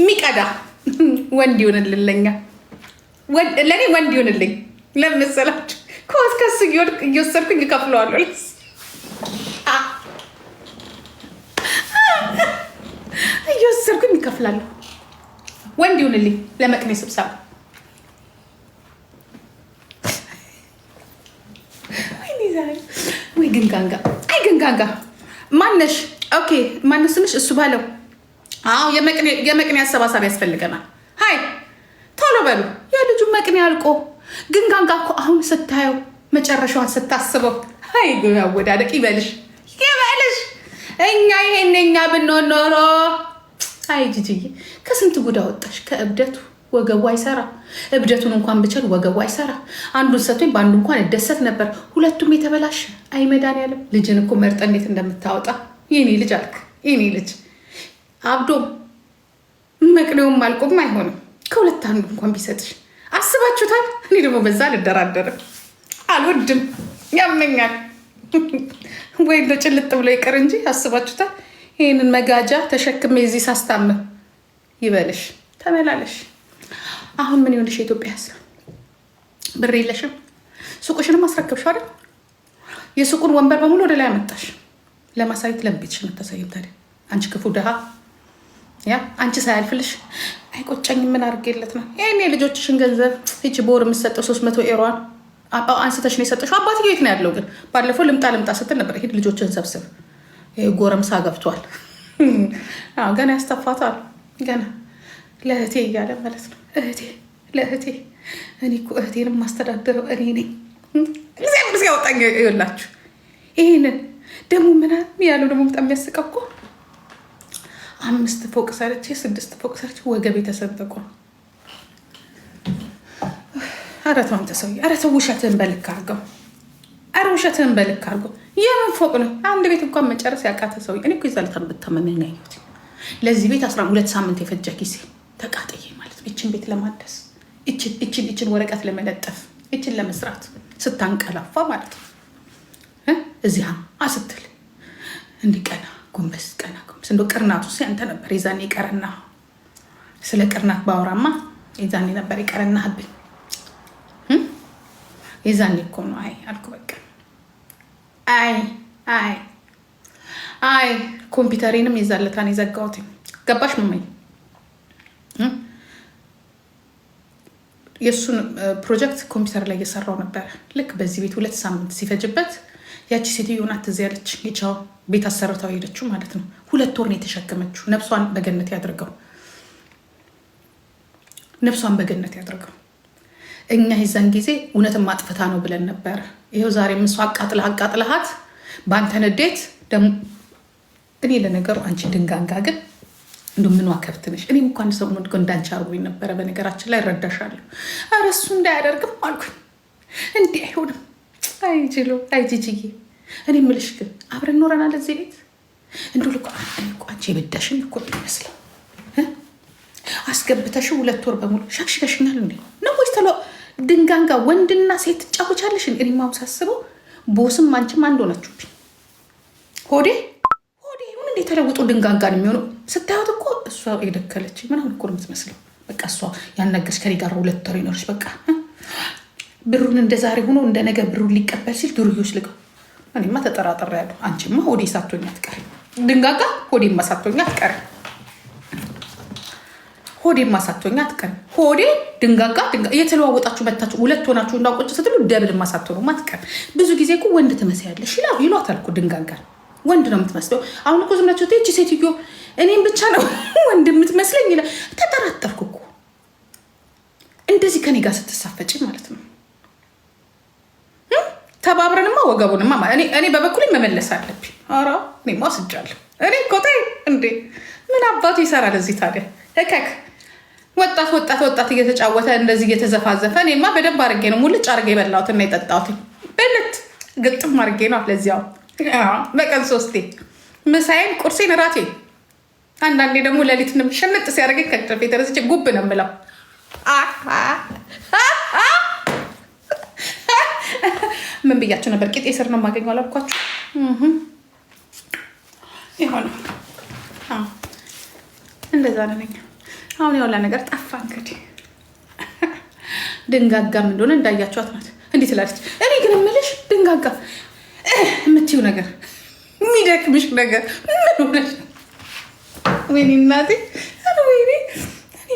የሚቀዳ ወንድ ይሆንልለኛ ለእኔ ወንድ ይሆንልኝ። ለምን መሰላችሁ? ከወስከስ እየወሰድኩኝ እከፍለዋለሁ። ለስ እየወሰድኩኝ እከፍላለሁ። ወንድ ይሆንልኝ ለመቅኔ ስብሰባ ወይ ግንጋንጋ አይ ግንጋንጋ ማነሽ? ኦኬ ማነስንሽ እሱ ባለው አዎ የመቅኔ አሰባሳቢ ያስፈልገናል። ሀይ ቶሎ በሉ። የልጁ መቅኔ አልቆ ግን ጋንጋ እኮ አሁን ስታየው መጨረሻዋን ስታስበው ሀይ አወዳደቅ ይበልሽ ይበልሽ። እኛ ይሄን እኛ ብንሆን ኖሮ አይ ጅጅዬ ከስንት ጉዳ ወጣሽ ከእብደቱ ወገቡ አይሰራ እብደቱን እንኳን ብችል ወገቡ አይሰራ። አንዱን ሰቶኝ በአንዱ እንኳን እደሰት ነበር። ሁለቱም የተበላሽ አይመዳን ያለም ልጅን እኮ መርጠ እንዴት እንደምታወጣ ይኔ ልጅ አልክ ይኔ ልጅ አብዶ መቅኔውም ማልቆም አይሆንም። ከሁለት አንዱ እንኳን ቢሰጥሽ አስባችሁታል? እኔ ደግሞ በዛ አልደራደርም፣ አልወድም፣ ያመኛል። ወይ እንደ ጭልጥ ብሎ ይቅር እንጂ አስባችሁታል? ይህንን መጋጃ ተሸክሜ እዚህ ሳስታምም ይበልሽ ተመላለሽ። አሁን ምን ይሆንሽ? የኢትዮጵያ ሕዝብ ብር የለሽም። ሱቁሽንም አስረክብሽ አይደል? የሱቁን ወንበር በሙሉ ወደ ላይ አመጣሽ። ለማሳየት ለምን ቤትሽን አታሳይም ታዲያ? አንቺ ክፉ ድሃ ያ አንቺ ሳያልፍልሽ አይቆጨኝ ምን አድርጌለት ነው? ይህን የልጆችሽን ገንዘብ ይቺ ቦር የምትሰጠው ሶስት መቶ ኤሯን አንስተሽ ነው የሰጠሽው። አባትዬው የት ነው ያለው ግን? ባለፈው ልምጣ ልምጣ ስትል ነበር። ሂድ ልጆችን ሰብስብ፣ ጎረምሳ ገብቷል። ገና ያስተፋታል። ገና ለእህቴ እያለ ማለት ነው። እህቴ ለእህቴ እኔ እኮ እህቴን የማስተዳድረው እኔ ነኝ። ጊዜ ያወጣኝ ይላችሁ። ይህንን ደግሞ ምናምን ያለው ደግሞ በጣም የሚያስቀው እኮ አምስት ፎቅ ሰርቼ ስድስት ፎቅ ሰርቼ ወገብ የተሰበቁ ኧረ ተው አንተ ሰውዬ፣ ኧረ ተው ውሸትህን በልክ አድርገው። ኧረ ውሸትህን በልክ አድርገው። የምን ፎቅ ነው? አንድ ቤት እንኳን መጨረስ ያቃተ ሰውዬ። እኔ እኮ የዛን ዕለት ብታመመኝ ያየሁት ለዚህ ቤት አስራ ሁለት ሳምንት የፈጀ ጊዜ ተቃጥዬ ማለት ነው። ይችን ቤት ለማደስ ይችን ይችን ወረቀት ለመለጠፍ ይችን ለመስራት ስታንቀላፋ ማለት ነው። እዚያ አስትል እንዲቀና ጎንበስ ቀና ጎንበስ። እንደ ቅርናቱ ሲ አንተ ነበር የዛኔ ቀረና። ስለ ቅርናት ባውራማ የዛኔ ነበር የቀረናህብኝ። የዛኔ እኮ ነው አይ አልኩ። በቃ አይ አይ አይ ኮምፒውተሬንም የዛለታን የዘጋሁት ገባሽ መመኝ የእሱን ፕሮጀክት ኮምፒውተር ላይ እየሰራው ነበር። ልክ በዚህ ቤት ሁለት ሳምንት ሲፈጅበት ያቺ ሴትዮ ናት እዚህ ያለች የቻው ቤት አሰርታው ሄደችው ማለት ነው። ሁለት ወር ነው የተሸከመችው። ነፍሷን በገነት ያድርገው፣ ነፍሷን በገነት ያድርገው። እኛ የዛን ጊዜ እውነትም ማጥፈታ ነው ብለን ነበር። ይኸው ዛሬ ምሱ አቃጥላ አቃጥለሃት በአንተ ንዴት ደግሞ እኔ ለነገሩ አንቺ ድንጋንጋ ግን እንደ ምኗ ከብት ነሽ። እኔም እንኳን ሰሞኑን እንዳንቺ አርጎኝ ነበረ። በነገራችን ላይ እረዳሻለሁ። ኧረ እሱ እንዳያደርግም አልኩኝ። እንዲህ አይሆንም አይችሉ አይጂጂጊ እኔ የምልሽ ግን አብረን እኖረናል እዚህ ቤት እንዱ ልኮ አንቋንጭ የበዳሽን እኮ ይመስለው አስገብተሽ ሁለት ወር በሙሉ ሻክሽከሽኛል እንዴ ነው ወይስ ተለ ድንጋንጋ ወንድና ሴት ትጫወቻለሽ? እኔ ማሁን ሳስበው ቦስም አንቺም አንድ ሆናችሁብኝ። ሆዴ ሆዴ ምን እንዴ ተለውጦ ነው የሚሆነው ስታዩት እኮ እሷ የደከለች ምናምን እኮ ነው የምትመስለው። በቃ እሷ ያናገሽ ከኔ ጋር ሁለት ወር ይኖርሽ በቃ ብሩን እንደ ዛሬ ሆኖ እንደ ነገ ብሩን ሊቀበል ሲል ዱርዮች ልቀው። እኔማ ተጠራጠር ያሉ አንቺማ ሆዴ ሳቶኛ ትቀሪ ድንጋጋ ሆዴማ ሳቶኛ ትቀሪ ሆዴማ ሳቶኛ ትቀሪ ሆዴ ድንጋጋ የተለዋወጣችሁ መታችሁ ሁለት ሆናችሁ እንዳቆጭ ስትሉ ደብል ማሳቶ ነው ማትቀር ብዙ ጊዜ እኮ ወንድ ትመስያለሽ ይሏታል እኮ ድንጋጋ ወንድ ነው የምትመስለው። አሁን እኮ ዝምናቸው ብላችሁ ሴትዮ እኔም ብቻ ነው ወንድ የምትመስለኝ ይላል። ተጠራጠርኩ እኮ እንደዚህ ከኔ ጋር ስትሳፈጭ ማለት ነው። ተባብረንማ ወገቡንማ እኔ በበኩል መመለስ አለብኝ። ኧረ እኔማ ስጃለሁ። እኔ ኮታይ እንዴ ምን አባቱ ይሰራል እዚህ ታዲያ? እከክ ወጣት ወጣት ወጣት እየተጫወተ እንደዚህ እየተዘፋዘፈ እኔማ በደንብ አርጌ ነው ሙልጭ አድርጌ የበላሁት እና የጠጣሁት በለት ግጥም አርጌ ነው። ለዚያው በቀን ሶስቴ ምሳዬን፣ ቁርሴን፣ እራቴ አንዳንዴ ደግሞ ሌሊት ሸምጥ ሲያደርገኝ ከእንቅልፌ ተነስቼ ጉብ ነው የምለው። ምን ብያቸው ነበር? ቂጤ ስር ነው የማገኘው አላልኳችሁ? ይሆነ እንደዛ ነነኛ። አሁን የሆላ ነገር ጠፋ። እንግዲህ ድንጋጋም እንደሆነ እንዳያቸዋት ናት። እንዴት ትላለች። እኔ ግን የምልሽ ድንጋጋ የምትይው ነገር የሚደክምሽ ነገር ምን ሆነሽ? ወይኔ እናቴ፣ ወይኔ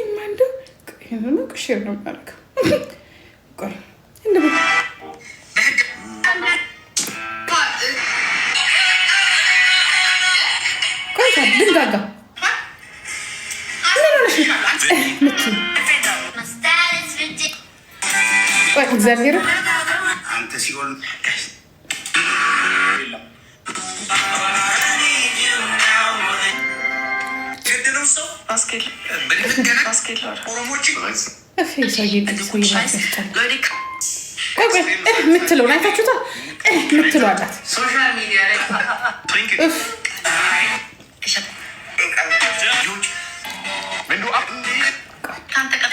እኔ እንደው ቁሽር ነው የማደርገው ድንጋጋ እግዚአብሔር ምትለውን አይታችሁታል። የምትለው አላት ከአንተ ቀጥሎ ማን ነው?